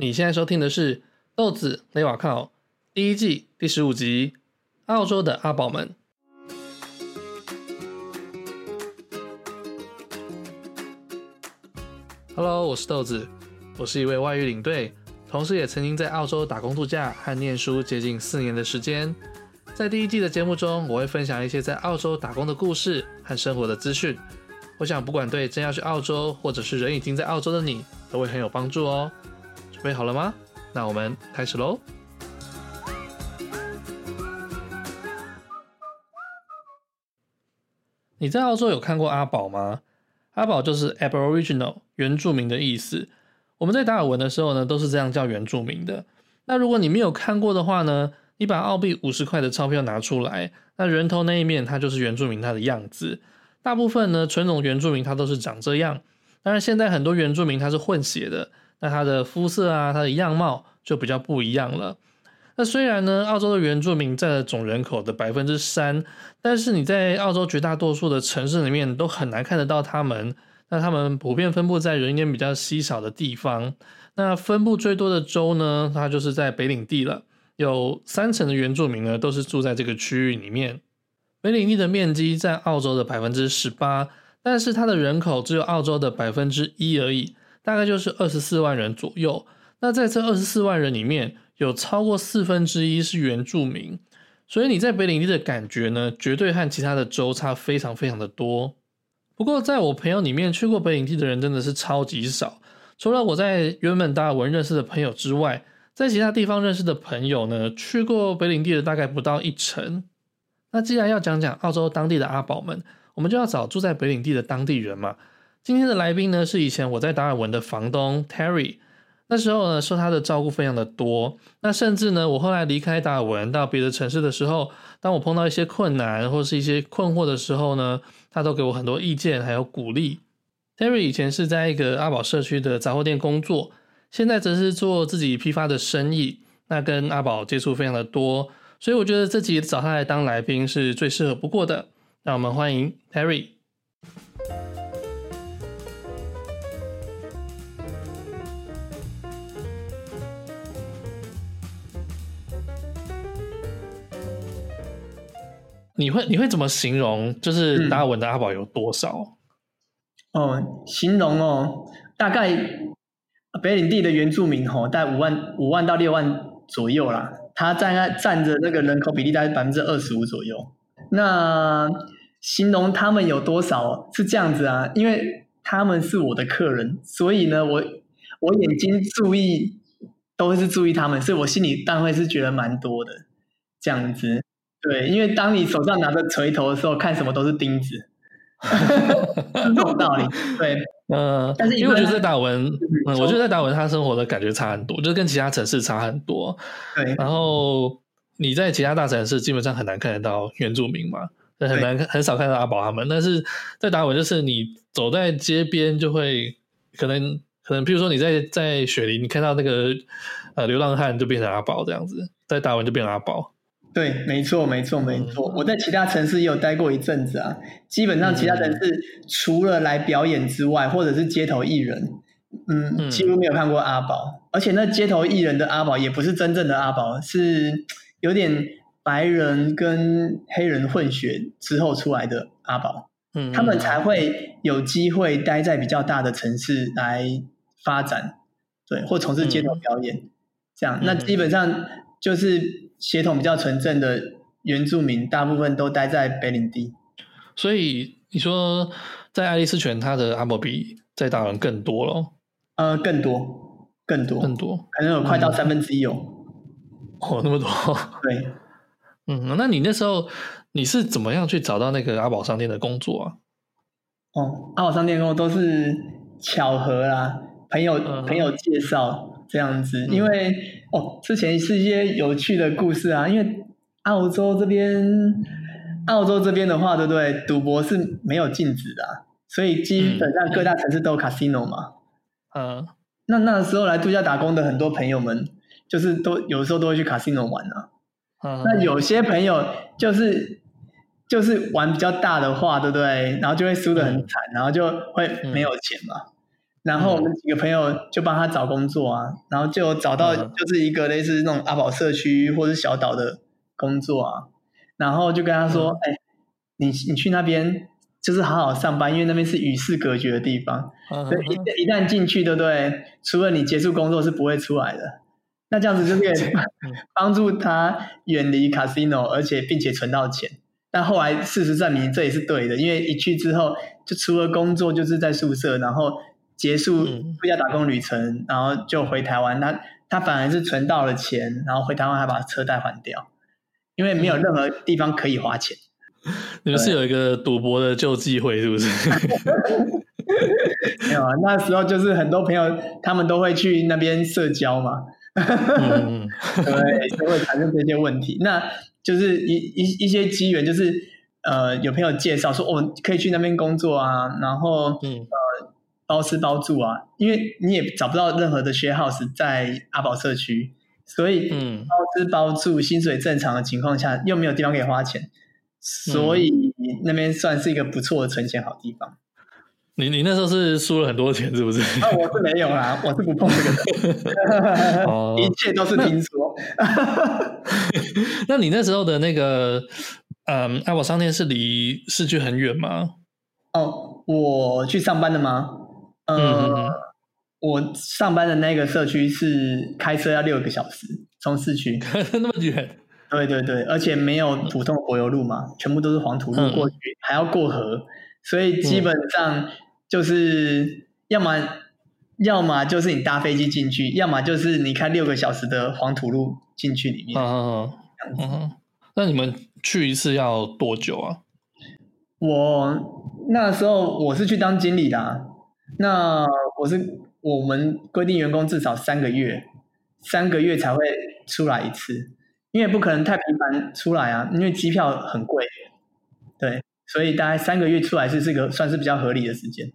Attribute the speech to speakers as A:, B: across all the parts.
A: 你現在收聽的是《豆子雷瓦靠》第一季第十五集《澳洲的阿寶們》。Hello，我是豆子，我是一位外語領隊，同時也曾經在澳洲打工度假和念書接近四年的時間。在第一季的節目中，我會分享一些在澳洲打工的故事和生活的資訊。我想，不管對正要去澳洲，或者是人已經在澳洲的你，都會很有幫助哦。準備好了嗎？那我們開始嘍。你在澳洲有看過阿寶嗎？阿寶就是 Aboriginal，原住民的意思。我們在達爾文的時候呢，都是這樣叫原住民的。那如果你沒有看過的話呢，你把澳幣五十塊的鈔票拿出來，那人頭那一面，它就是原住民它的樣子。大部分呢，純種原住民它都是長這樣。當然，現在很多原住民他是混血的。那它的膚色啊，它的樣貌就比較不一樣了。那雖然呢，澳洲的原住民占了總人口的百分之三，但是你在澳洲絕大多數的城市裡面都很難看得到他們。那他們普遍分布在人煙比較稀少的地方。那分布最多的州呢，它就是在北領地了，有三成的原住民呢都是住在這個區域裡面。北領地的面積占澳洲的百分之十八，但是它的人口只有澳洲的百分之一而已。大概就是二十四萬人左右。那在這二十四萬人裡面，有超過四分之一是原住民，所以你在北領地的感覺呢，絕對和其他的州差非常非常的多。不過，在我朋友裡面去過北領地的人真的是超級少，除了我在原本達爾文認識的朋友之外，在其他地方認識的朋友呢，去過北領地的大概不到一成。那既然要講講澳洲當地的阿寶們，我們就要找住在北領地的當地人嘛。今天的來賓呢，是以前我在達爾文的房東 Terry，那時候呢，受他的照顧非常的多，那甚至呢，我後來離開達爾文到別的城市的時候，當我碰到一些困難或是一些困惑的時候呢，他都給我很多意見還有鼓勵。Terry 以前是在一個阿寶社區的雜貨店工作，現在則是做自己批發的生意，那跟阿寶接觸非常的多，所以我覺得自己找他來當來賓是最適合不過的，讓我們歡迎 Terry。你會你會怎麼形容？就是達爾文的阿寶有多少，
B: 嗯？哦，形容哦，大概北領地的原住民哦，大概五萬五萬到六萬左右啦，他占占着那個人口比例大概百分之二十五左右。那形容他們有多少是這樣子啊？因為他們是我的客人，所以呢，我我眼睛注意都是注意他們，所以我心裡當然會是覺得蠻多的這樣子。對，因為當你手上拿着錘頭的時候，看什麼都是釘子，有 道理。對，嗯、呃，
A: 但是因為，因為我覺得在達爾文，是嗯，是我覺得在達爾文，他生活的感覺差很多，就是跟其他城市差很多。對，然後你在其他大城市基本上很難看得到原住民嘛，很難對很少看到阿寶他們。但是在達爾文，就是你走在街邊就會，可能可能，比如說你在在雪梨，你看到那個呃流浪漢就變成阿寶這樣子，在達爾文就變成阿寶。對，沒錯，
B: 沒錯，沒錯。嗯、我在其他城市也有待過一陣子啊。基本上，其他城市除了來表演之外，嗯、或者是街頭藝人，嗯，嗯幾乎沒有看過阿寶。而且，那街頭藝人的阿寶也不是真正的阿寶，是有點白人跟黑人混血之後出來的阿寶。嗯，他們才會有機會待在比較大的城市來發展，對，或從事街頭表演、嗯、這樣。嗯、那基本上就是。血統比較純正的原
A: 住民，大部分都待在北領地。所以你說，在愛麗絲泉，他的阿寶比在達爾文更多了。呃，更多，更多，更多、嗯，可能有快到三分之一哦。哦，那麼多！對，嗯，那你那時候你是怎麼樣去找到那個阿寶商店的工作啊？
B: 哦，阿寶商店工作都是巧合啦，朋友、嗯、朋友介紹這樣子，因為、嗯。哦，之前是一些有趣的故事啊，因為澳洲這邊，澳洲這邊的話，對不對？賭博是沒有禁止的啊，所以基本上各大城市都有 casino 嘛。嗯，那那時候來度假打工的很多朋友們，就是都有時候都會去 casino 玩啊。嗯，
A: 那有些朋友
B: 就是就是玩比較大的話，對不對？然後就會輸得很慘，嗯，然後就會沒有錢嘛。然後我們幾個朋友就幫他找工作啊，嗯、然後就找到就是一個類似那種阿寶社區或是小島的工作啊，嗯、然後就跟他說：“嗯、哎，你你去那邊就是好好上班，因為那邊是與世隔絕的地方，對、嗯，嗯、所以一一旦進去，對不對？除了你結束工作是不會出來的。那這樣子就可以幫助他遠離 Casino，而且並且存到錢。但後來事實證明這也是對的，因為一去之後就除了工作就是在宿舍，然後。結束不要打工旅程，嗯、然後就回台灣。他他反而是存到了錢，然後回台灣還把車貸還掉，因為沒有任何
A: 地方可以花錢。嗯、對你們是有一個賭博的救機會，是不是？
B: 沒有、啊，那時候就是很多朋友，他們都會去那邊社交嘛。嗯嗯。 對，就會產生這些問題。那就是一一一些機緣，就是呃，有朋友介紹說我、哦、可以去那邊工作啊，然後嗯。包吃包住啊，因為你也找不到任何的 share house，在阿寶社區，所以嗯，包吃包住，嗯、薪水正常的情況下，又沒有地方可以花錢，所以那邊算是一個不錯的存錢好地方。嗯、
A: 你你那時候是輸了很多錢是不是？哦、我是沒有
B: 啦，我是不碰這個的，
A: 一切都是聽說。那你那時候的那個嗯，阿、啊、寶商店是離市區很遠嗎？
B: 哦，我去上班的嗎？呃、嗯哼哼，我上班的那個社區是開車要六個小時，從市區 那麼遠。對對對，而且沒有普通的柏油路嘛，嗯、全部都是黃土路過去，嗯、還要過河，所以基本上就是、嗯、要麼要麼就是你搭飛機進去，要麼就是你開六個小時的黃土路進去裡面。嗯哼哼嗯，那你們
A: 去一次要多久啊？
B: 我那時候我是去當經理的、啊。那我是我們規定員工至少三個月，三個月才會出來一次，因為不可能太頻繁出來啊，因為機票很貴，對，所以大概三個月出來是這個算是比較合理的時
A: 間。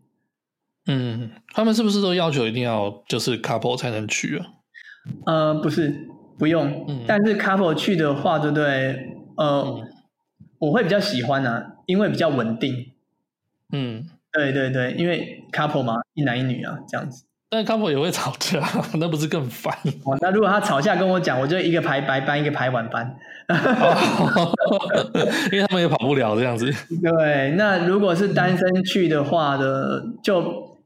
A: 嗯，他們是不是都要求一定要就是 couple 才能去啊？呃，
B: 不是，不用，嗯、但是 couple 去的話，對
A: 不對？呃、
B: 嗯、我會比較喜歡啊，因為比較穩定。嗯。對對對，因為 couple 嘛，一男一女啊，這樣子。但是 couple 也會吵架， 那不是更煩？哦，那如果他吵架跟我講，我就一個排白班，一個排晚班。
A: 哦、 因為他們也跑不了這樣子。
B: 對，那如果是單身去的話的，就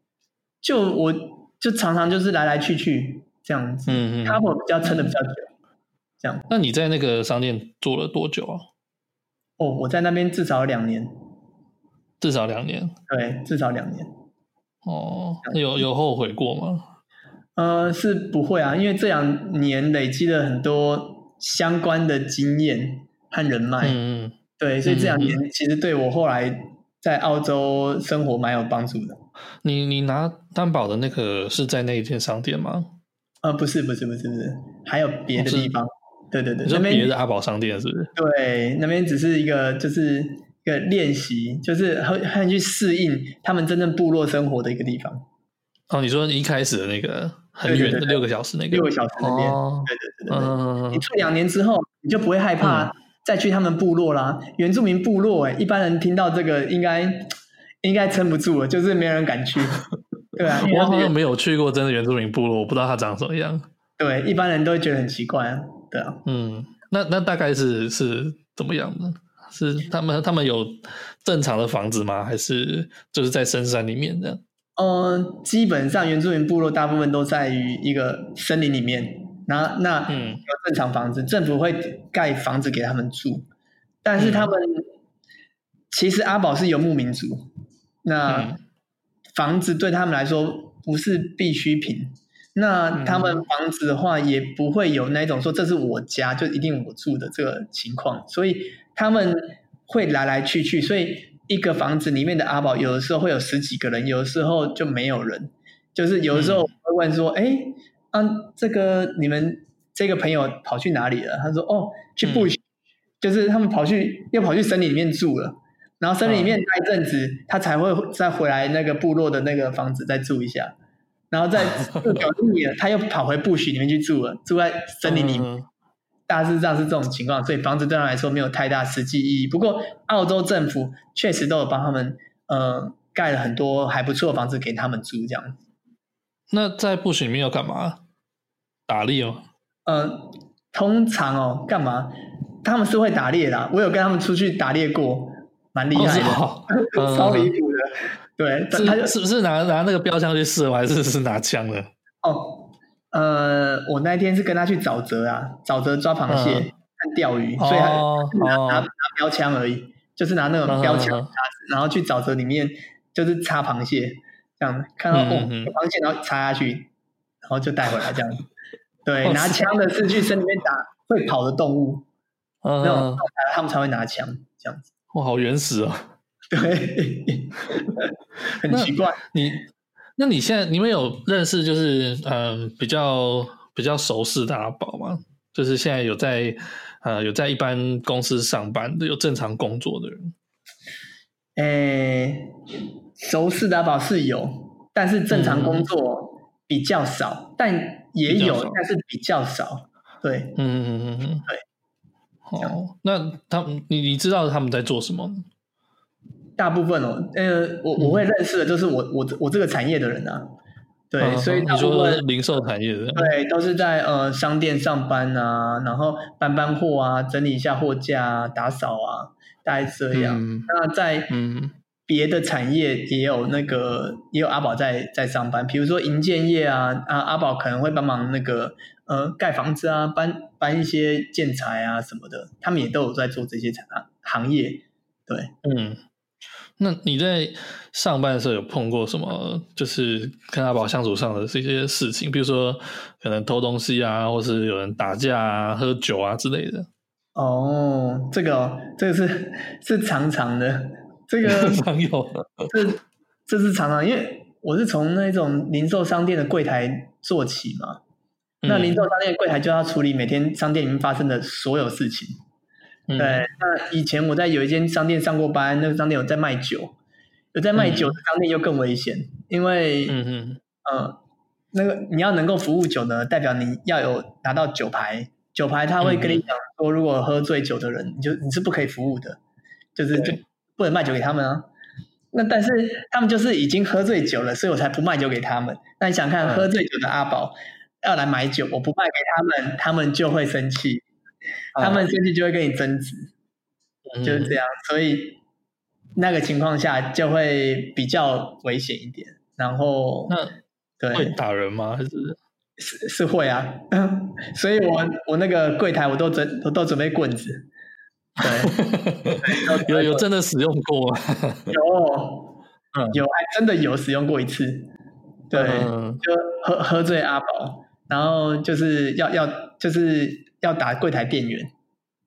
B: 就我就常常就是來來去去這樣子。
A: 嗯嗯。couple 比較撐得比較久，這樣。那你在那個商店做了多久啊？哦，我在那邊至少兩年。至少兩年，對，至少兩年。哦，有有後悔過嗎？
B: 呃、嗯，是不會啊，因為這兩年累積了很多相關的經驗和人脈。嗯,嗯對，所以這兩年其實對我後來在澳洲生活蠻有幫助的。
A: 嗯嗯你你拿擔保的那個是在那一間商店嗎？呃、嗯，不是，不是，不是，不是，還有別的地方。是對對對，那邊也是阿寶商店是不
B: 是？對，那邊只是一個就是。一個練習就是很很去適應他們真正部落生活的一個地方
A: 哦。你說一開始的那個很遠，六個小時那個對對對對，六個小時那邊，哦、對對對
B: 對。你住、嗯、兩年之後，你就不會害怕再去他們部落啦。嗯、原住民部落哎、欸，一般人聽到這個應該應該撐不住了，就是沒有人敢去， 對啊，我好像
A: 沒有去過真的原住民部落，我不知道他長什麼樣。對，
B: 一般人都會覺得很奇怪、啊。
A: 對啊，嗯，那那大概是是怎麼樣的？是他們，他們有正常的房子嗎？還是就是在深山裡面這樣？
B: 呃，基本上原住民部落大部分都在於一個森林裡面，然後那嗯有正常房子，嗯，政府會蓋房子給他們住，但是他們，嗯，其實阿寶是游牧民族，那房子對他們來說不是必需品。那他們房子的話，也不會有那種說這是我家，就一定我住的這個情況，所以他們會來來去去，所以一個房子裡面的阿寶，有的時候會有十幾個人，有的時候就沒有人，就是有的時候會問說，哎、嗯，嗯、啊，這個你們這個朋友跑去哪裡了？他說，哦，去 Bush，嗯、就是他們跑去又跑去森林裡面住了，然後森林裡面待一陣子，他才會再回來那個部落的那個房子再住一下。 然後在他又跑回布許裡面去住了，住在森林裡，嗯、大致上是這種情況。所以房子對他來說沒有太大實際意義。不過澳洲政府確實都有幫他們，呃，蓋了很多還不錯房子給他們住這樣
A: 子。那在布許裡面要幹嘛？打
B: 獵哦？嗯，通常哦，幹嘛？他們是會打獵的、啊。我有跟他們出去打獵過，蠻厲害的，哦哦嗯、 超離
A: 譜的。嗯對，他就是不是拿拿那個標槍去射，還是是拿槍的？
B: 哦，呃，我那天是跟他去沼澤啊，沼澤抓螃蟹，他釣魚，所以拿拿標槍而已，就是拿那種標槍，然後去沼澤裡面就是插螃蟹，這樣子看到螃蟹，然後插下去，然後就帶回來這樣子。
A: 對，拿槍的是去森
B: 林裡面打會跑的
A: 動物，嗯，
B: 那種他們才會拿槍這樣
A: 子。哇，好原始啊！對， 很奇怪。你，那你現在你們有認識就是嗯、呃、比較比較熟識的阿寶嗎？就是現在有在呃有在一般公司上班的、有正常工作的人？
B: 誒、欸，熟識的阿寶是有，但是正常工作比較少，嗯、但也有，但是比較少。對，嗯嗯嗯
A: 嗯，對。好，那他們，你你知道他們在做什麼？大部分哦，呃，
B: 我我會認識的，就是我我我這個產業的人啊，對，嗯、所以大部分、嗯、你說是
A: 零售產業的，對，都是在
B: 呃商店上班啊，然後搬搬貨啊，整理一下貨架啊，打掃啊，大概這樣。嗯、那在別的產業也有那個也有阿寶在在上班，比如說營建業啊啊，阿寶可能會幫忙那個呃蓋房子啊，搬搬一些建材啊什麼的，他們也都有在做這些產行業，
A: 對，嗯。那你在上班的時候有碰過什麼？就是跟阿寶相處上的這些事情，比如說可能偷東西啊，或是有人打架啊，喝酒啊之類的。
B: 哦，這個、哦、這個是是常常的，這個常
A: 有，
B: 這 這是常常的，因為我是從那種零售商店的櫃檯做起嘛。
A: 嗯、那零
B: 售商店櫃檯就要處理每天商店裡面發生的所有事情。對，那以前我在有一間商店上過班，那個商店有在賣酒，有在賣酒的商店又更危險，因為，嗯嗯哼，嗯，那個你要能夠服務酒呢，代表你要有拿到酒牌，酒牌他會跟你講說，嗯、哼如果喝醉酒的人，你就你是不可以服務的，就是就不能賣酒給他們啊。對那但是他們就是已經喝醉酒了，所以我才不賣酒給他們。那你想看喝醉酒的阿寶要來買酒，嗯、我不賣給他們，他們就會生氣。他們甚至就會跟你爭執，嗯、就是這樣，所以那個情況下就會比較危險一點。然後，對，會打人嗎？對是是，是會啊。 所以我對我那個櫃檯我都準都準備棍子，對，
A: 有 有真的使用過， 有，
B: 有還真的有使用過一次，對，嗯、喝喝醉阿寶，然後就是要要就是。要打櫃檯店員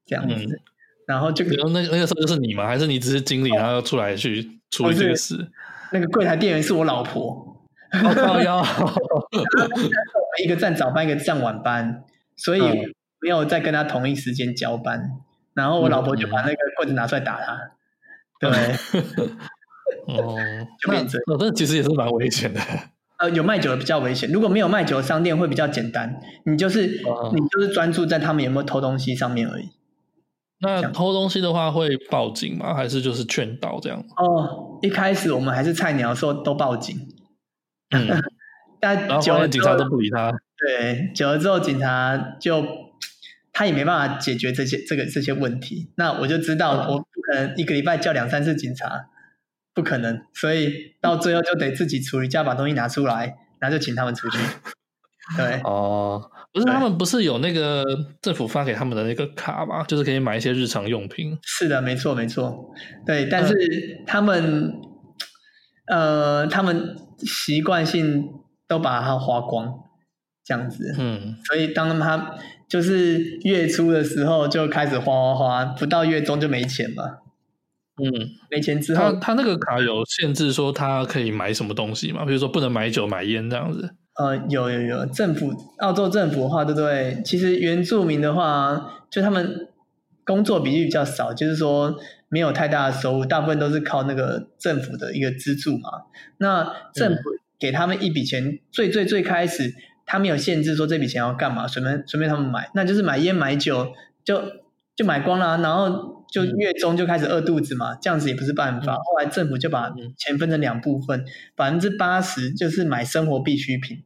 B: 這樣子，
A: 然後就那個時候就是你嗎？還是你只是經理，然後要出來去處理這個事？
B: 那個櫃檯店員是我老婆，要我們一個站早班，一個站晚班，所以沒有再跟他同一時間交班。然後我老婆就把那個棍子拿出來打他，對，哦，就變成那其實也是蠻危險的。呃，有賣酒的比較危險，如果沒有賣酒的商店會比較簡單，你就是、嗯、你就是專注在他們有沒有偷東西上面而已。
A: 那偷東西的話會報警嗎？還是就是勸導這樣子？哦，一開始我們還是菜鳥的時候都
B: 報警。嗯、 但叫了後然後警察都
A: 不理他。對，久了之後
B: 警察就他也沒辦法解決這些這個這些問題。那我就知道、嗯、我不可能一個禮拜叫兩三次警察。不可能，所以到最後就得自己處理，叫把東西拿出來，然後就請他們出去。對，
A: 哦、呃，不是他們不是有那個政府發給他們的那個卡嗎？就是可以買一些日常用品。是的，沒錯，沒錯。對，但是
B: 他們，呃、呃，他們習慣性都把它花光，這樣子。嗯。所以當他就是月初的時候就開始花花花，不到月中就沒錢嘛。嗯，沒錢之後他，
A: 他那個卡有限制，說他可以買什麼東西嘛？比如說不能買酒、買煙這樣子。
B: 呃，有有有，政府澳洲政府的話，對不對？其實原住民的話，就他們工作比例比較少，就是說沒有太大的收入，大部分都是靠那個政府的一個資助嘛。那政府給他們一筆錢，嗯、最最最開始，他沒有限制說這筆錢要幹嘛，隨便隨便他們買，那就是買煙、買酒就。就買光了。啊，然後就月中就開始餓肚子嘛，嗯、這樣子也不是辦法。嗯、後來政府就把錢分成兩部分，百分之八十，就是買生活必需品，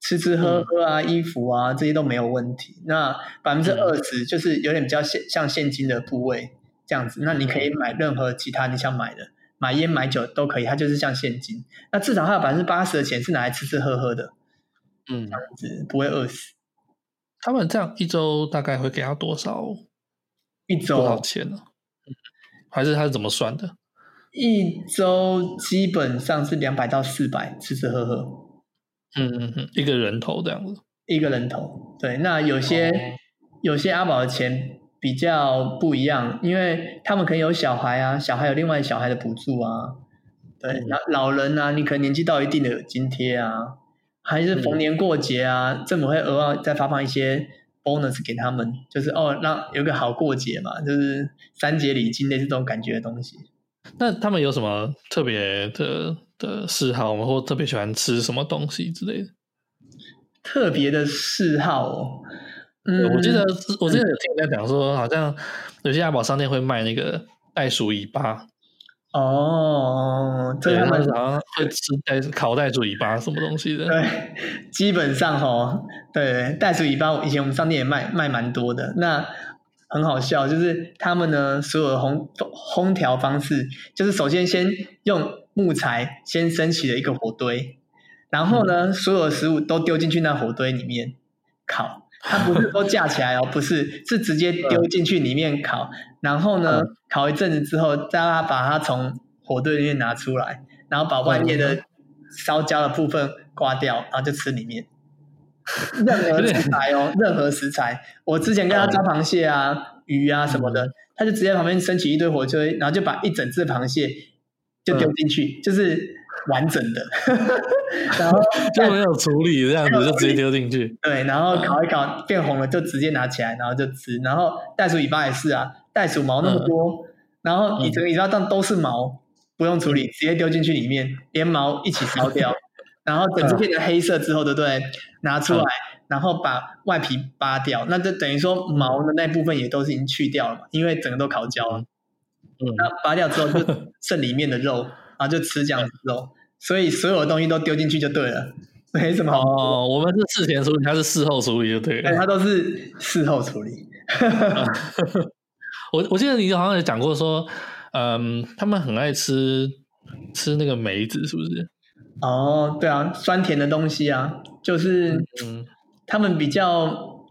B: 吃吃喝喝啊，嗯、，衣服啊這些都沒有問題。那百分之二十，就是有點比較像現金的部位，這樣子。嗯、那你可以買任何其他你想買的，嗯、，買煙買酒都可以，它就是像現金。那至少他有百分之八十的錢是拿來吃吃喝喝的，
A: 嗯，這樣
B: 子不會餓死。
A: 他們這樣一週大概會給他多少？一周多少錢呢？啊？還是他是怎麼算的？一周基本上是兩百到
B: 四百，吃吃喝喝。嗯嗯嗯，一個人頭這樣子，一個人頭。對，那有些、嗯、有些阿寶的錢比較不一樣，因為他們可能有小孩啊，小孩有另外小孩的補助啊。對，老、嗯、老人啊，你可能年紀到一定的有津貼啊，還是逢年過節啊，嗯、政府會額外再發放一些。bonus 給他們就是哦，讓有個好過節嘛，就是三節禮金的這種感覺的東西。
A: 那他們有什麼特別的的嗜好嗎？或特別喜歡吃什麼東西之類的？特別的嗜好、
B: 哦，嗯，我記得、嗯、我記得有
A: 聽人家講說，的好像有些阿寶商店會賣那個袋鼠尾巴。哦，這個、oh, Yeah, 好像會吃是烤袋鼠尾巴什麼東西的？對，基本上哈，對，對,對袋鼠尾巴，
B: 以前我們商店也賣賣蠻多的。那很好笑，就是他們呢，所有的烘烘調方式，就是首先先用木材先升起了一個火堆，然後呢，嗯、所有的食物都丟進去那火堆裡面烤。它不是都架起來哦，不是，是直接丟進去裡面烤，嗯、然後呢，嗯、烤一陣子之後，再把它從火堆裡面拿出來，然後把外面的燒焦的部分刮掉，然後就吃裡面。任何食材哦，對任何食材，我之前跟他抓螃蟹啊、魚啊什麼的，他就直接旁邊升起一堆火堆，然後就把一整只螃蟹就丟進去，嗯、就是。完整的， 然後帶 就沒
A: 有處理，這樣子就直接丟進去。對，然後烤一烤
B: 變紅了，就直接拿起來，然後就吃。然後袋鼠尾巴也是啊，袋鼠毛那麼多，嗯、然後你整個尾巴上都是毛，不用處理，嗯、直接丟進去裡面，連毛一起燒掉。嗯、然後整個變成黑色之後，對不對？拿出來，嗯、然後把外皮扒掉，那就等於說毛的那部分也都是已經去掉了嘛，因為整個都烤焦了。嗯，那扒掉之後就剩裡面的肉。嗯就吃這樣子哦，嗯、所以所有東西都丟進去就對了，沒什麼好、哦。
A: 我們是事前處理，他是事後處理就對了。
B: 哎、他都是事後處理。
A: 我、 嗯、我記得你好像有講過說，嗯，他們很愛吃吃那個梅子，是不是？
B: 哦，對啊，酸甜的東西啊，就是他們比較。嗯、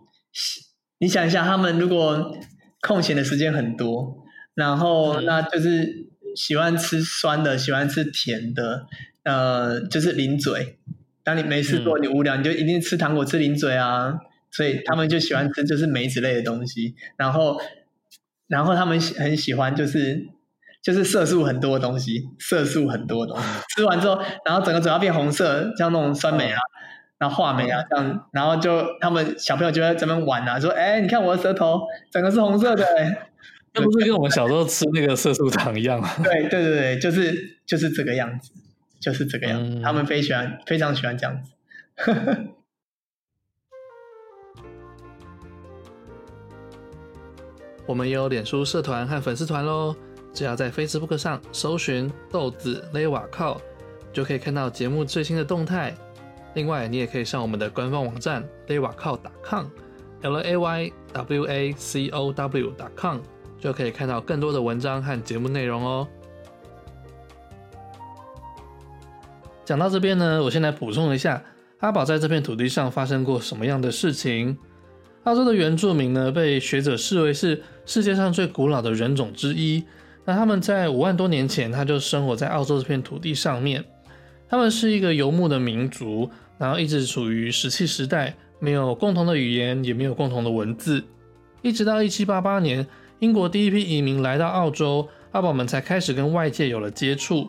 B: 你想一下，他們如果空閒的時間很多，然後那就是。嗯喜歡吃酸的，喜歡吃甜的，呃，就是零嘴。當你沒事做，嗯、你無聊，你就一定吃糖果、吃零嘴啊。所以他們就喜歡吃，就是梅子類的東西。然後，然後他們很喜歡，就是就是色素很多的東西，色素很多的東西。吃完之後，然後整個嘴要變紅色，像那種酸梅啊，然後話梅啊，這樣。然後就他們小朋友就在這邊玩啊，說：“哎、欸，你看我的舌頭，整個是紅色的、欸。” 那不是跟我們小時候吃那個色素糖一樣嗎？ 對對對對，就是就是這個樣子，就是這個樣子。嗯，他們非常喜歡，非常喜歡這樣子。
A: 我們也有臉書社團和粉絲團嘍，只要在 Facebook 上搜尋豆子 laywacow，就可以看到節目最新的動態。另外，你也可以上我們的官方網站 laywacow.com，l a y w a c o w.com。就可以看到更多的文章和節目內容哦。講到這邊呢，我先來補充一下，阿寶在這片土地上發生過什麼樣的事情。澳洲的原住民呢，被學者視為是世界上最古老的人種之一。那他們在五萬多年前，他就生活在澳洲這片土地上面。他們是一個游牧的民族，然後一直處於石器時代，沒有共同的語言，也沒有共同的文字，一直到一七八八年。英國第一批移民來到澳洲，阿寶們才開始跟外界有了接觸。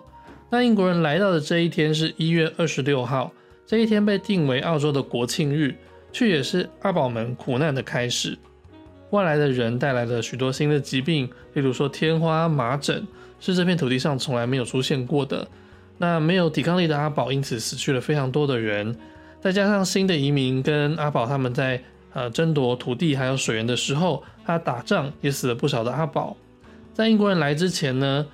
A: 那英國人來到的這一天是一月二十六號，這一天被定為澳洲的國慶日，卻也是阿寶們苦難的開始。外來的人帶來了許多新的疾病，例如說天花、麻疹，是這片土地上從來沒有出現過的。那沒有抵抗力的阿寶因此死去了非常多的人。再加上新的移民跟阿寶他們在，呃，爭奪土地還有水源的時候。他打仗也死了不少的阿寶。在英國人來之前呢，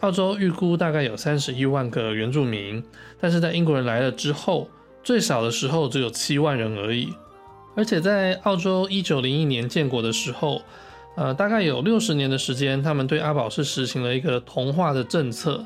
A: 澳洲預估大概有三十一萬個原住民，但是在英國人來了之後，最少的時候只有七萬人而已。而且在澳洲一九零一年建國的時候，呃，大概有六十年的時間，他們對阿寶是實行了一個同化的政策。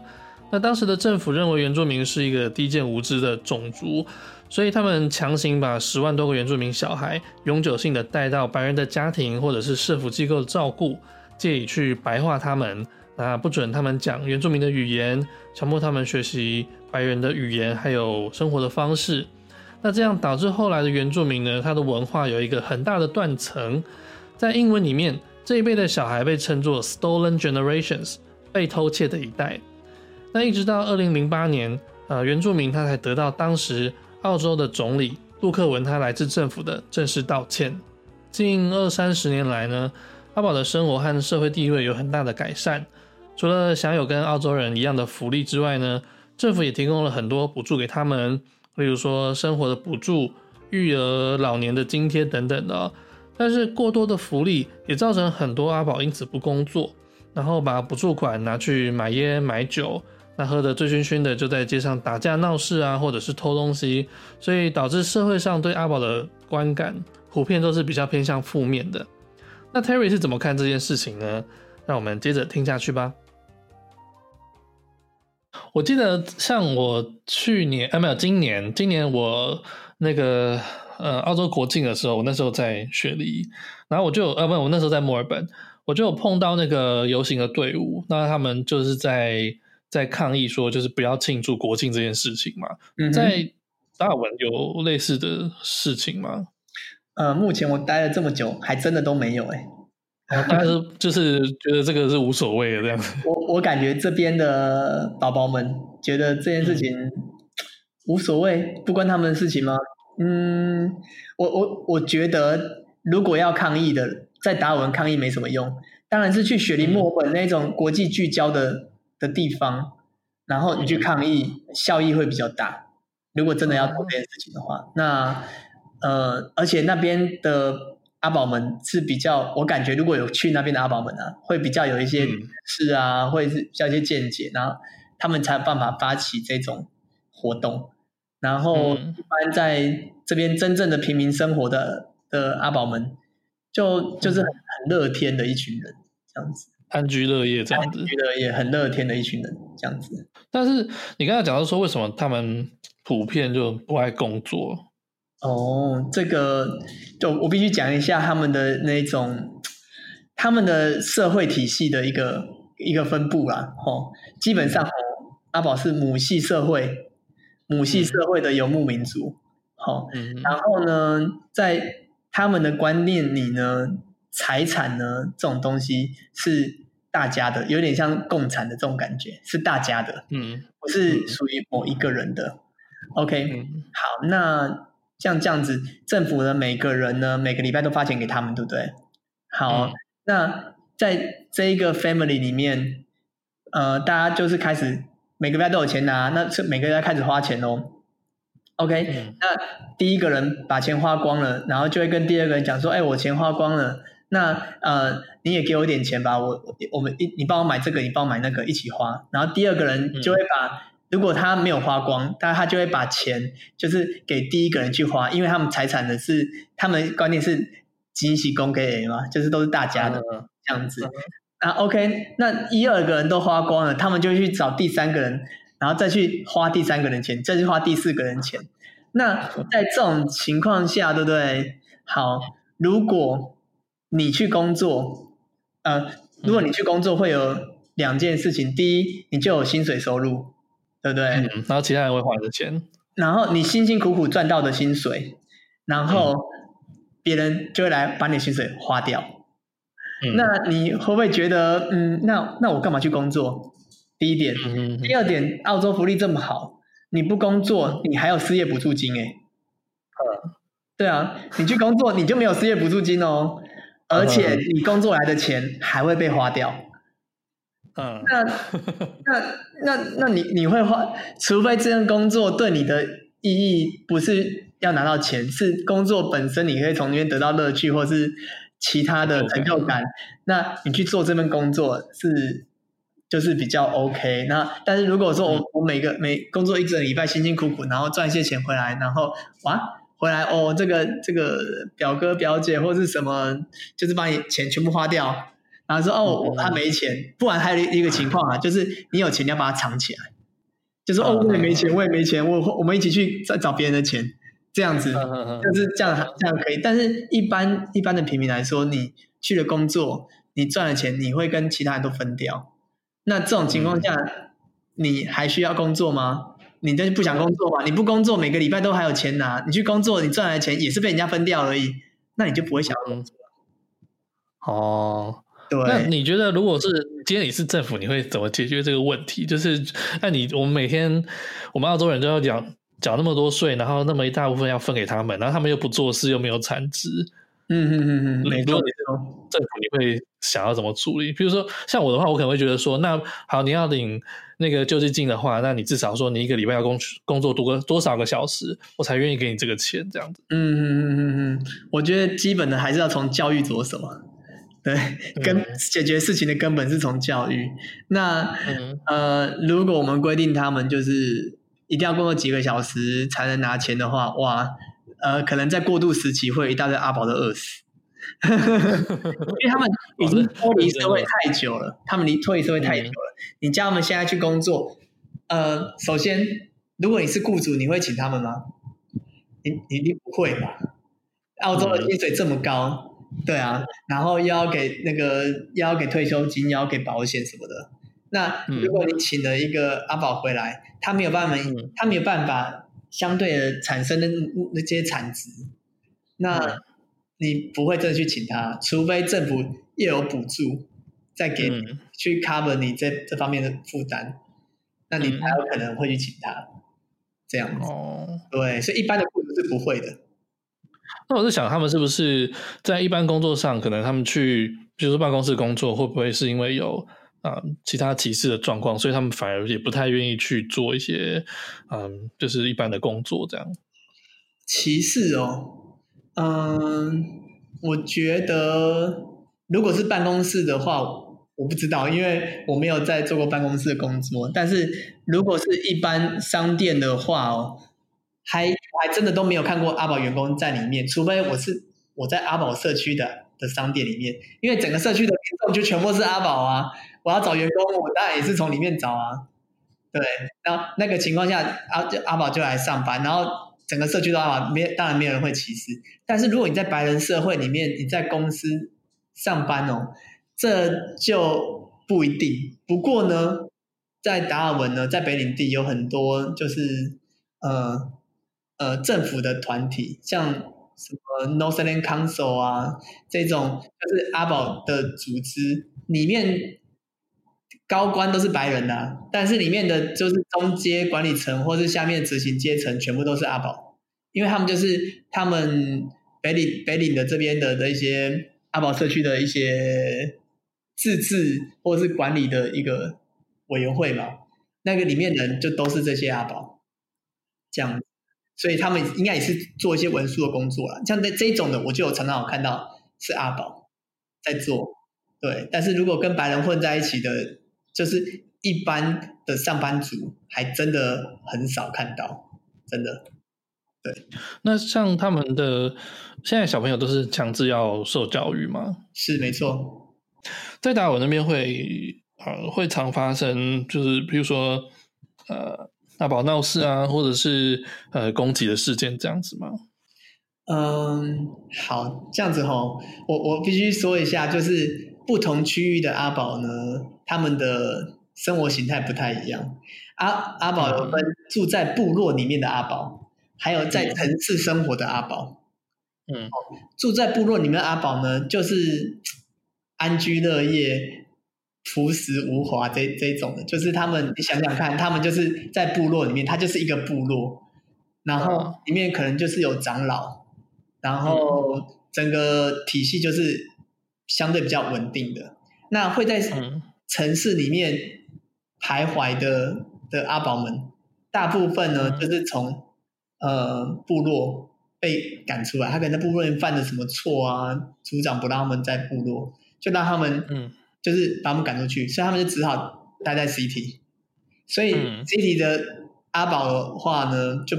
A: 那當時的政府認為原住民是一個低賤無知的種族。所以他們強行把十萬多個原住民小孩永久性的帶到白人的家庭，或者是社福機構的照顧，借以去白化他們，啊，不准他們講原住民的語言，強迫他們學習白人的語言，還有生活的方式。那這樣導致後來的原住民呢，他的文化有一個很大的斷層。在英文裡面，這一輩的小孩被稱作 Stolen Generations，被偷竊的一代。那一直到二零零八年，啊原住民他才得到當時，澳洲的總理陸克文，他來自政府的正式道歉。近二三十年來呢，阿寶的生活和社會地位有很大的改善。除了享有跟澳洲人一樣的福利之外呢，政府也提供了很多補助給他們，例如說生活的補助、育兒、老年的津貼等等的喔。但是過多的福利也造成很多阿寶因此不工作，然後把補助款拿去買煙買酒。那喝得醉醺醺的，就在街上打架鬧事啊，或者是偷東西，所以導致社會上對阿寶的觀感普遍都是比較偏向負面的。那 Terry 是怎麼看這件事情呢？讓我們接着聽下去吧。我記得，像我去年、啊、沒有，今年今年我那個呃，澳洲國慶的時候，我那時候在雪梨，然後我就有不、啊，我那時候在墨爾本，我就有碰到那個遊行的隊伍，那他們就是在。在抗議說就是不要慶祝國慶這件事情嘛，嗯、哼在達爾文有類似的事情嗎？
B: 呃，目前我待了這麼久，還真的都沒有哎、
A: 欸。但是就是覺得這個是無所謂的
B: 這樣子。 我我感覺這邊的阿寶們覺得這件事情無所謂，不關他們的事情嗎？嗯，我我我覺得如果要抗議的，在達爾文抗議沒什麼用，當然是去雪梨墨本那種國際聚焦的、嗯。的地方，然後你去抗議，嗯、效益會比較大。如果真的要做這件事情的話，嗯、那呃，而且那邊的阿寶們是比較，我感覺如果有去那邊的阿寶們呢、啊，會比較有一些是啊，嗯、會比較一些見解，然後他們才有辦法發起這種活動。然後一般在這邊真正的平民生活的的阿寶們就，就就是很很樂
A: 天的一群人，這樣子。安居樂業這樣子，安居樂業，很樂天的一群人這樣子。但是你剛才講到說，為什麼他們普遍就不愛工作？
B: 哦，這個就我必須講一下他們的那種他們的社會體系的一個一個分布啦齁。基本上、嗯、阿寶是母系社會，母系社會的游牧民族、嗯。然後呢，在他們的觀念裡呢。財產呢，這種東西是大家的，有點像共產的這種感覺，是大家的，嗯，不是屬於某一個人的。OK，好，那像這樣子，政府的每個人呢，每個禮拜都發錢給他們，對不對？好，嗯、那在這一個 family 裡面，呃，大家就是開始每個禮拜都有錢拿，那是每個人開始花錢哦。OK，、嗯、那第一個人把錢花光了，然後就會跟第二個人講說：“哎、欸，我錢花光了。”那呃，你也給我點錢吧，我我們一你幫我買這個，你幫我買那個，一起花。然後第二個人就會把，嗯、如果他沒有花光，但他就會把錢就是給第一個人去花，因為他們財產的是，他們關鍵是集體供給嘛，就是都是大家的這樣子。啊、嗯 uh，OK，那一二個人都花光了，他們就會去找第三個人，然後再去花第三個人錢，再去花第四個人錢。嗯、那在這種情況下，對不對？好，如果你去工作，呃，如果你去工作，會有兩件事情：嗯、第一，你就有薪水收入，對不對？然後其他人會花你的錢。然後你辛辛苦苦賺到的薪水，然後別人就會來把你薪水花掉。嗯、那你會不會覺得，嗯，那那我幹嘛去工作？第一點，嗯。第二點，澳洲福利這麼好，你不工作，你還有失業補助金哎。嗯。對啊，你去工作，你就沒有失業補助金哦。而且你工作來的錢還會被花掉，嗯，那那那那你你會花？除非這份工作對你的意義不是要拿到錢，是工作本身，你可以從那邊得到樂趣，或是其他的成就感。Okay. 那你去做這份工作是就是比較 OK 那。那但是如果說我、嗯、我每個每工作一整禮拜辛辛苦苦，然後賺一些錢回來，然後哇。回來哦，這個這個表哥表姐或是什麼，就是把你錢全部花掉，然後說哦，他沒錢。不然還有一個情況啊，就是你有錢你要把它藏起來，就是哦我也沒錢，我也沒錢，我我們一起去再找別人的錢，這樣子，就是這樣這樣可以。但是一般一般的平民來說，你去了工作，你賺了錢，你會跟其他人都分掉。那這種情況下，嗯、你還需要工作嗎？你就不想工作嘛、啊？嗯、你不工作，每個禮拜都還有錢拿。你去工作，你賺來的錢也是被人家分掉而已。那你就不會想要工作
A: 了、啊嗯。哦，對。那你覺得，如果是，是今天你是政府，你會怎麼解決這個問題？就是，那你我們每天，我們澳洲人都要講繳那麼多稅，然後那麼一大部分要分給他們，然後他們又不做事，又沒有產值。嗯
B: 嗯嗯嗯。嗯嗯嗯，如果你
A: 是政府，你會想要怎麼處理？比如說，像我的話，我可能會覺得說，那好，你要領。那個救濟金的話，那你至少說你一個禮拜要工工作多多少個小時，我才願意給你這個錢這樣子。
B: 嗯嗯嗯嗯嗯，我覺得基本的還是要從教育着手，對，跟對解決事情的根本是從教育。那、嗯、哼呃，如果我們規定他們就是一定要工作幾個小時才能拿錢的話，哇，呃，可能在過渡時期會有一大堆阿寶都餓死。 因為他們已經脫離社會太久了，他們脫離社會太久了。你叫他們現在去工作，呃，首先，如果你是雇主，你會請他們嗎？你一定不會吧？澳洲的薪水這麼高，對啊，然後又要給那個，又要給退休金，又要給保險什麼的。那如果你請了一個阿寶回來，他沒有辦法，他沒有辦法相對的產生的那那些產值，那。你不會真的去請他，除非政府又有補助，再給你、嗯、去 cover 你這這方面的負擔，那你才有可能會去請他。這樣子，哦、
A: 對，所以一般的雇主是不會的。那我在想，他們是不是在一般工作上，可能他們去，比如說辦公室工作，會不會是因為有啊、呃、其他歧視的狀況，所以他們反而也不太願意去做一些，嗯、呃，就是一般的工作這樣。
B: 歧視哦。嗯，我覺得如果是辦公室的話，我不知道，因為我沒有在做過辦公室的工作。但是如果是一般商店的話哦，還還真的都沒有看過阿寶員工在裡面，除非我是我在阿寶社區的的商店裡面，因為整個社區的民眾就全部是阿寶啊。我要找員工，我當然也是從裡面找啊。對，然後那個情況下，阿就阿寶就來上班，然後。整個社區的話，沒當然沒有人會歧視。但是如果你在白人社會裡面，你在公司上班哦，這就不一定。不過呢，在達爾文呢，在北領地有很多就是呃呃政府的團體，像什麼 Northern Land Council 啊這種，就是阿寶的組織裡面。高官都是白人啊，但是裡面的就是中階管理層或是下面執行階層，全部都是阿寶，因為他們就是他們北領北領的這邊的的一些阿寶社區的一些自治或是管理的一個委員會嘛，那個裡面的人就都是這些阿寶，這樣，所以他們應該也是做一些文書的工作啦，像這這種的，我就有常常有看到是阿寶在做，對，但是如果跟白人混在一起的。就是一般的上班族還真的很少看到，真的。
A: 對，那像他們的現在小朋友都是強制要受教育嗎？是沒錯，在達爾文那邊會、呃、會常發生，就是比如說呃阿寶鬧事啊，或者是呃攻擊的事件這樣子嗎？嗯，
B: 好，這樣子吼、哦。我我必須說一下，就是。不同區域的阿寶呢，他們的生活形態不太一樣。阿阿寶有分住在部落裡面的阿寶，還有在城市生活的阿寶。嗯，住在部落裡面的阿寶呢，就是安居樂業、樸實無華這這種的。就是他們，你想想看，他們就是在部落裡面，他就是一個部落，然後裡面可能就是有長老，然後整個體系就是，相對比較穩定的。那會在城市裡面徘徊的、嗯、的，的阿寶們，大部分呢、嗯、就是從呃部落被趕出來。他可能在部落裡犯了什麼錯啊？組長不讓他們在部落，就讓他們嗯，就是把他們趕出去，所以他們就只好待在 city。所以 city 的阿寶的話呢，就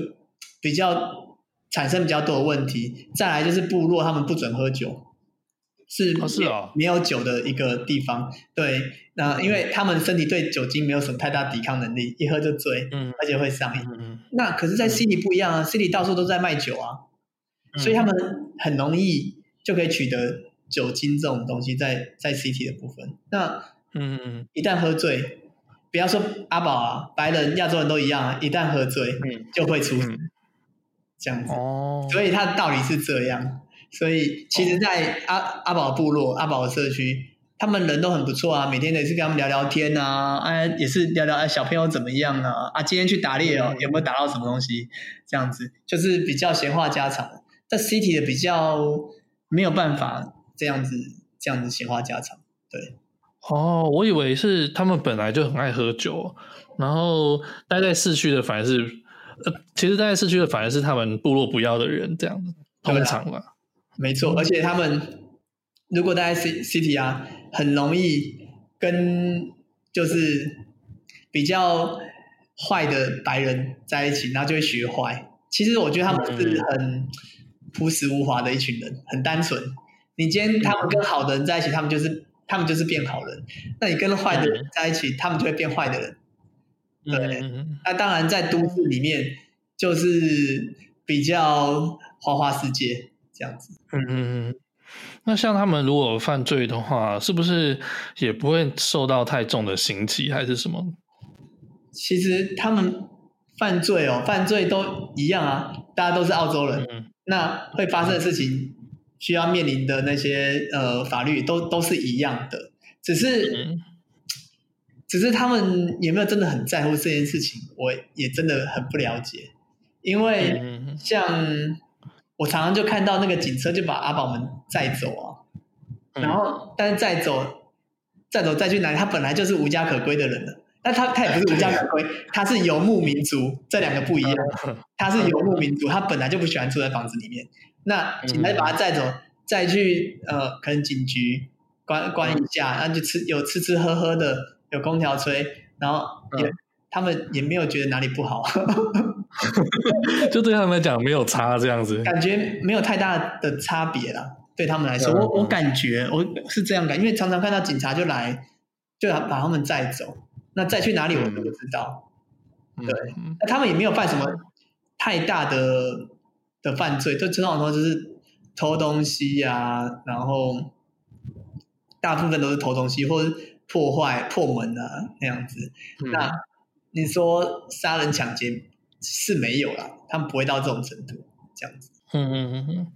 B: 比較產生比較多的問題。再來就是部落他們不准喝酒。是，沒有酒的一個地方。對，那因為他們身體對酒精沒有什麼太大抵抗能力，一喝就醉，而且會上癮。那可是，在 City 不一樣啊，City 到處都在賣酒啊，所以他們很容易就可以取得酒精這種東西，在在 City 的部分。那，嗯，一旦喝醉，不要說阿寶啊，白人、亞洲人都一樣啊，一旦喝醉，嗯，就會出事，這樣子。哦，所以他的道理是這樣。所以，其實，在阿阿寶部落、哦、阿寶社區，他們人都很不錯啊。每天也是跟他們聊聊天啊，哎、啊，也是聊聊哎小朋友怎麼樣啊？啊，今天去打獵哦、喔，嗯、有沒有打到什麼東西？這樣子，就是比較閒話家常。在 City 的比較沒有辦法這樣子這樣子閒話家常。對，
A: 哦，我以為是他們本來就很愛喝酒，然後待在市區的反而是呃，其實待在市區的反而是他們部落不要的人，這樣子，通常嘛。
B: 沒錯，而且他們如果待在 city 啊，很容易跟就是比較壞的白人在一起，然後就會學壞。其實我覺得他們是很樸實無華的一群人，嗯嗯，很單純。你今天他們跟好的人在一起，他們就是他們就是變好人；那你跟壞的人在一起，嗯嗯他們就會變壞的人。對，嗯嗯嗯，那當然在都市裡面就是比較花花世界。這樣子，
A: 嗯嗯嗯，那像他們如果犯罪的話，是不是也不會受到太重的刑期，還是什麼？
B: 其實他們犯罪哦、喔，犯罪都一樣啊，大家都是澳洲人，嗯、那會發生的事情，需要面臨的那些呃法律都都是一樣的，只是，嗯、只是他們有沒有真的很在乎這件事情，我也真的很不了解，因為像。嗯我常常就看到那個警車就把阿寶們載走啊、
A: 哦，然後
B: 但是載走，載走再去哪裡？他本來就是無家可歸的人了，但他他也不是無家可歸，他是游牧民族，這兩個不一樣。他是游牧民族，他本來就不喜歡住在房子裡面，那警察就把他載走，再去呃，可能警局關關一下，然後就吃有吃吃喝喝的，有空調吹，然後也。嗯他們也沒有覺得哪裡不好 ，
A: 就對他們來講沒有差這樣子，感
B: 覺沒有太大的差別啦。對他們來說，嗯、我我感覺我是這樣感覺，因為常常看到警察就來，就把他們帶走。那再去哪裡，我們不知道。嗯、對，嗯、他們也沒有犯什麼太大的的犯罪，就通常都是偷東西啊，然後大部分都是偷東西或者破壞破門啊那樣子。嗯、那你說殺人搶劫是沒有啦，他們不會到這種程度，這樣
A: 子。嗯嗯嗯嗯。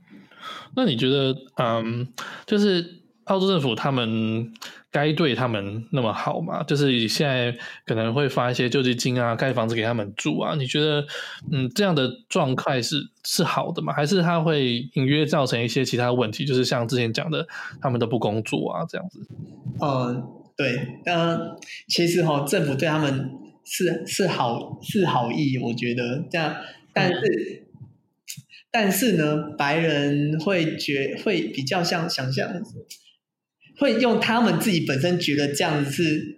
A: 那你覺得，嗯，就是澳洲政府他們該對他們那麼好嗎？就是現在可能會發一些救濟金啊，蓋房子給他們住啊。你覺得，嗯，這樣的狀態是是好的嗎？還是它會隱約造成一些其他問題？就是像之前講的，他們都不工作啊，這樣子。
B: 嗯，對，當然，其實哈、哦，政府對他們。是是好是好意，我覺得這樣，但是、嗯、但是呢，白人會覺得會比較像想象，會用他們自己本身覺得這樣子是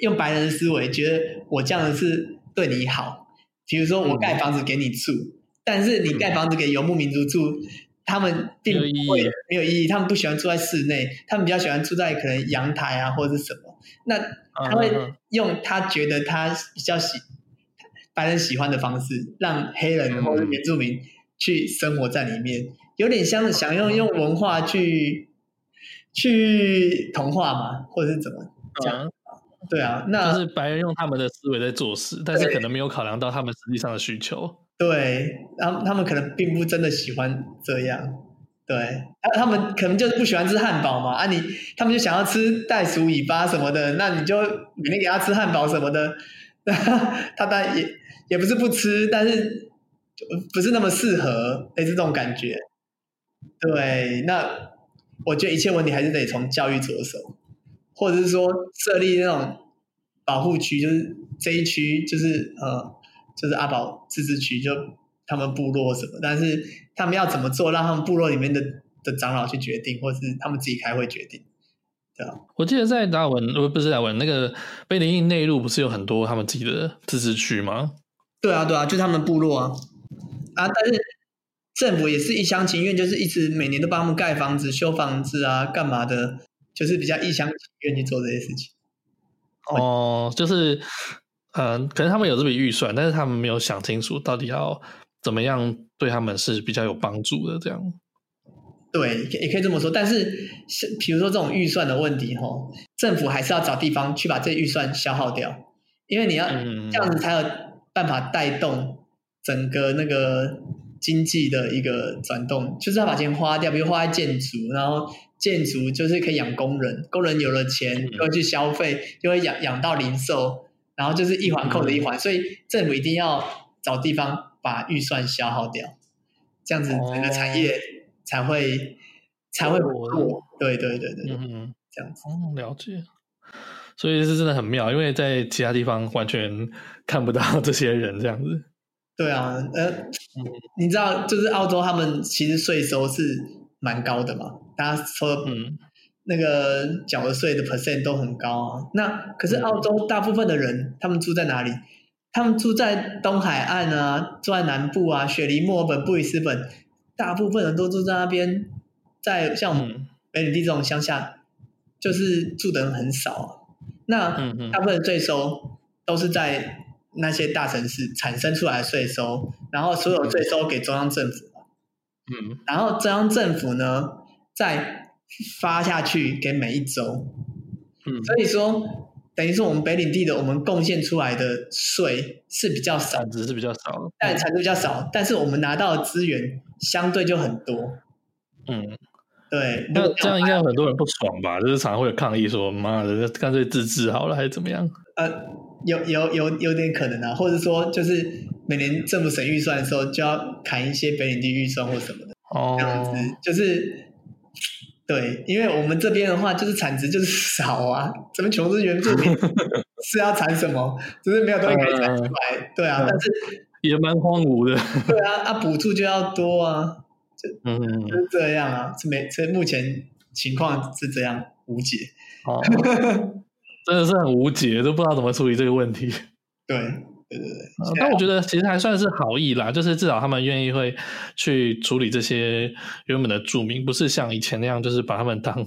B: 用白人的思維，覺得我這樣子是對你好。比如說我蓋房子給你住，嗯、但是你蓋房子給遊牧民族住，嗯、他們並不會有意義，沒有意義。他們不喜歡住在室內，他們比較喜歡住在可能陽台啊或者是什麼。那他會用他覺得他比較喜白人喜歡的方式，讓黑人或者原住民去生活在裡面，有點像想用用文化去去同化嘛，或者是怎麼講？嗯、
A: 對啊，那就是白人用他們的思維在做事，對但是可能沒有考量到他們實際上的需求。對，
B: 他們可能並不真的喜歡這樣。對，啊，他們可能就是不喜歡吃漢堡嘛，啊你，你他們就想要吃袋鼠尾巴什麼的，那你就每天給他吃漢堡什麼的，他當然也也不是不吃，但是就不是那麼適合，哎，這種感覺。對，那我覺得一切問題還是得從教育着手，或者是說設立那種保護區，就是這一區，就是呃，就是阿寶自治區就。他們部落什麼？但是他們要怎麼做？讓他們部落裡面的的長老去決定，或是他們自己開會決定，對
A: 吧？啊，我記得在達爾文，不，哦，不是達爾文，那個北領地內陸不是有很多他們自己的自治區嗎？
B: 對啊，對啊，就他們部落啊啊。但是政府也是一廂情願，就是一直每年都幫他們蓋房子，修房子啊，幹嘛的？就是比較一廂情願去做這些事情。
A: 哦，哦就是嗯，呃，可能他們有這筆預算，但是他們沒有想清楚到底要怎麼樣對他們是比較有幫助的這樣？
B: 對，也可以這麼說。但是，比如說這種預算的問題，吼，政府還是要找地方去把這預算消耗掉，因為你要、嗯、這樣子才有辦法帶動整個那個經濟的一個轉動。就是要把錢花掉，比如花在建築，然後建築就是可以養工人，工人有了錢，又去消費，嗯、就會養養到零售，然後就是一環扣的一環，嗯、所以政府一定要找地方，把預算消耗掉，這樣子整個產業才會、哦、才會活。才會的對對對對，嗯，嗯，這樣子，非、嗯、了解。
A: 所以是真的很妙，因為在其他地方完全看不到這些人這樣子。
B: 對啊，呃，嗯、你知道，就是澳洲他們其實稅收是蠻高的嘛，大家說，嗯，那個繳的稅的 percent 都很高啊，那可是澳洲大部分的人，嗯、他們住在哪裡？他們住在東海岸啊，住在南部啊，雪梨、墨爾本、布里斯本，大部分人都住在那邊。在像我們北領地這種鄉下，就是住的人很少啊。那大部分稅收都是在那些大城市產生出來的稅收，然後所有稅收給中央政府。然後中央政府呢，再發下去給每一州。所以說。等於是我們北領地的，我們貢獻出來的稅是比較少，產值是比較少，但產值比較少，嗯、但是我們拿到的資源相對就很多。嗯，
A: 對。那這樣應該很多人不爽吧？就是常常會有抗議，說“媽的、嗯，乾脆自治好了，還是怎麼樣？”
B: 呃、有有有、有點可能啊，或者說就是每年政府省預算的時候，就要砍一些北領地預算或什麼的這樣子。哦，就是。對，因為我們這邊的話，就是產值就是少啊，怎麼窮是原住民，是要產什麼， 只是沒有東西可以產出來。嗯、對啊，嗯、但是
A: 也蠻荒蕪的。
B: 對啊，啊，補助就要多啊，就嗯，
A: 就
B: 是這樣啊，這沒，這目前
A: 情況是這樣，無解、啊。真的是很無解，都不知道怎麼處理這個問題。對。對對對，但我覺得其實還算是好意啦，就是至少他們願意會去處理這些原本的住民，不是像以前那樣，就是把他們當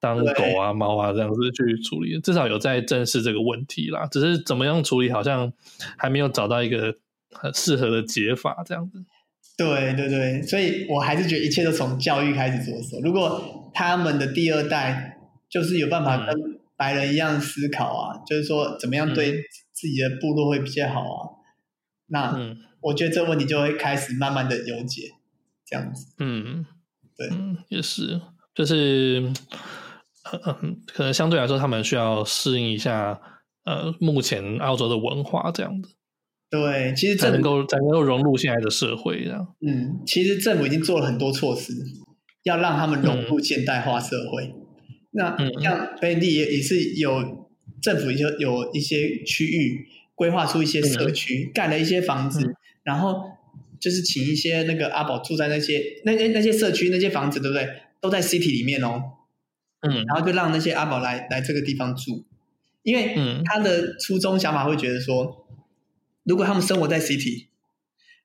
A: 當狗啊、貓啊這樣子去處理。對至少有在正視這個問題啦，只是怎麼樣處理，好像還沒有找到一個很適合的解法這樣子。
B: 對對對，所以我還是覺得一切都從教育開始着手。如果他們的第二代就是有辦法跟、嗯。白人一樣思考啊，就是說怎麼樣對自己的部落會比較好啊？嗯、那我覺得這個問題就會開始慢慢的有解，這樣子。
A: 嗯，對嗯，也是，就是，呃、嗯、呃，可能相對來說，他們需要適應一下呃，目前澳洲的文化這樣子。對，其實才能夠才能夠融入現在的社會這樣。嗯，其實政府已經做了很多措施，要讓他們融入現代
B: 化社會。嗯。那像本地也也是有政府，就有一些區域規劃出一些社區，呢蓋了一些房子，嗯嗯、然後就是請一些那個阿寶住在那些那那那些社區那些房子，對不對？都在 city 裡面哦，嗯，然後就讓那些阿寶來來這個地方住，因為他的初衷想法會覺得說，如果他們生活在 city，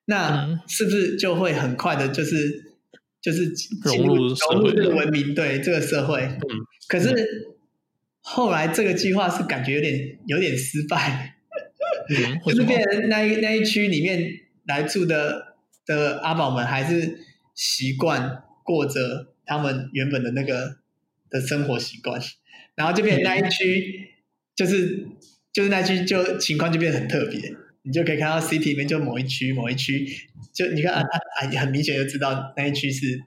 B: 那是不是就會很快的，就是。就是入融入融入這個文明，對這個社會。嗯，可是後來這個計劃是感覺有點有點失敗，嗯、就是變成那一那一區裡面來住的的阿寶們還是習慣過着他們原本的那個的生活習慣，然後就變成那一區、嗯、就是就是那一區就情況就變得很特別。你就可以看到 city 裡面就某一區某一區，就你看啊啊啊，啊，很明顯就知道那一區是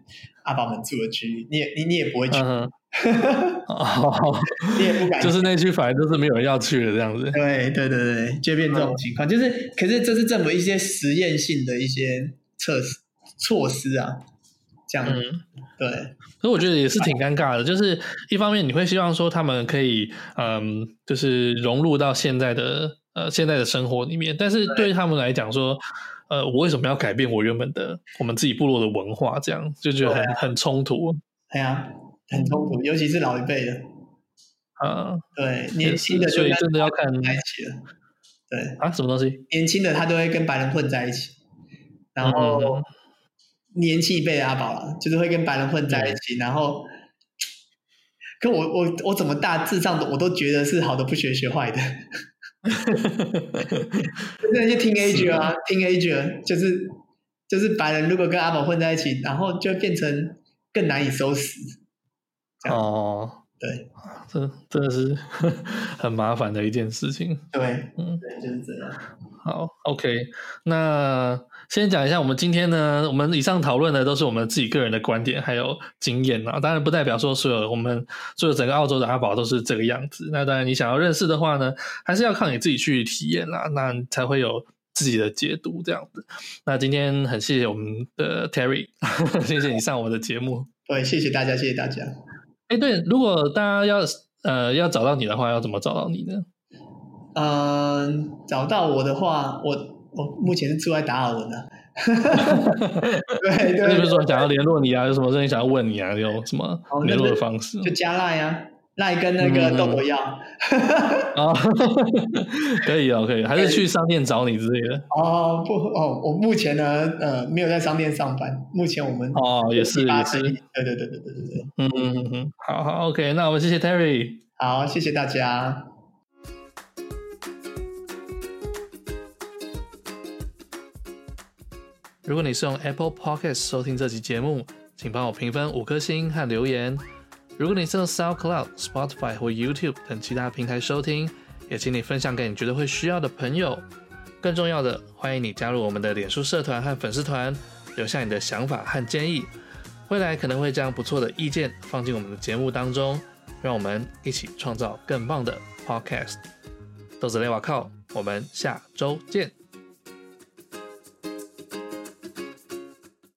B: 阿寶們住的區域，你也你你也不會去，你
A: 也不敢，就是那區反而就是沒有人要去的這樣子。
B: 對對對對，就變這種情況，就是可是這是政府一些實驗性的一些測試措施啊，這樣，嗯。對，
A: 所以我覺得也是挺尷尬的，就是一方面你會希望說他們可以嗯，就是融入到現在的。呃，現在的生活裡面，但是對他們來講說，呃，我為什麼要改變我原本的我們自己部落的文化？這樣就覺得很、啊、很衝突，對啊，
B: 很衝突，尤其是老一輩的，
A: 啊，
B: 對，年輕的就所以真的要看在一起對啊，什麼東西？年輕的他都會跟白人混在一起，然後年輕一輩的阿寶了，就是會跟白人混在一起，嗯、然後，可我我我怎麼大致上的我都覺得是好的不學學壞的。哈哈哈哈哈！ 真的就聽 AJ 啊，嗎聽 AJ，、啊、就是就是白人如果跟阿寶混在一起，然後就變成更難以收拾。
A: 這哦，對，真真的是很麻煩的一件事情。 對，嗯，對，就是這樣。好，OK，那。先講一下，我們今天呢，我們以上討論的都是我們自己個人的觀點還有經驗啊，當然不代表說所有我們所有整個澳洲的阿寶都是這個樣子。那當然，你想要認識的話呢，還是要靠你自己去體驗啦，那才會有自己的解讀這樣子。那今天很謝謝我們的 Terry，謝謝你上我的節目。對，謝謝大家，謝謝大家。哎，對，如果大家要呃要找到你的話，要怎麼找到你呢？嗯，
B: 找到我的話，我。我目前是住在達爾文的
A: 對，對對。是不是說想要聯絡你啊？有什麼事情想要問你啊？有什麼聯絡的方式？
B: 哦、就加賴啊，賴跟那個都不要。
A: 哦， 可以哦，可以，還是去商店，找你之類的。
B: 哦不哦，我目前呢，呃，沒有在商店上班。目前我們哦也是也是，對對是對對對對
A: 對，嗯嗯嗯，嗯好好 OK，那我們謝謝 Terry，好，謝謝大家。如果你是用 Apple Podcast 收聽這期節目，請幫我評分五顆星和留言。如果你是用 SoundCloud、Spotify 或 YouTube 等其他平台收聽，也請你分享給你覺得會需要的朋友。更重要的，歡迎你加入我們的臉書社團和粉絲團，留下你的想法和建議。未來可能會將不錯的意見放進我們的節目當中，讓我們一起創造更棒的 Podcast。豆子 Laywacow，我們下周見。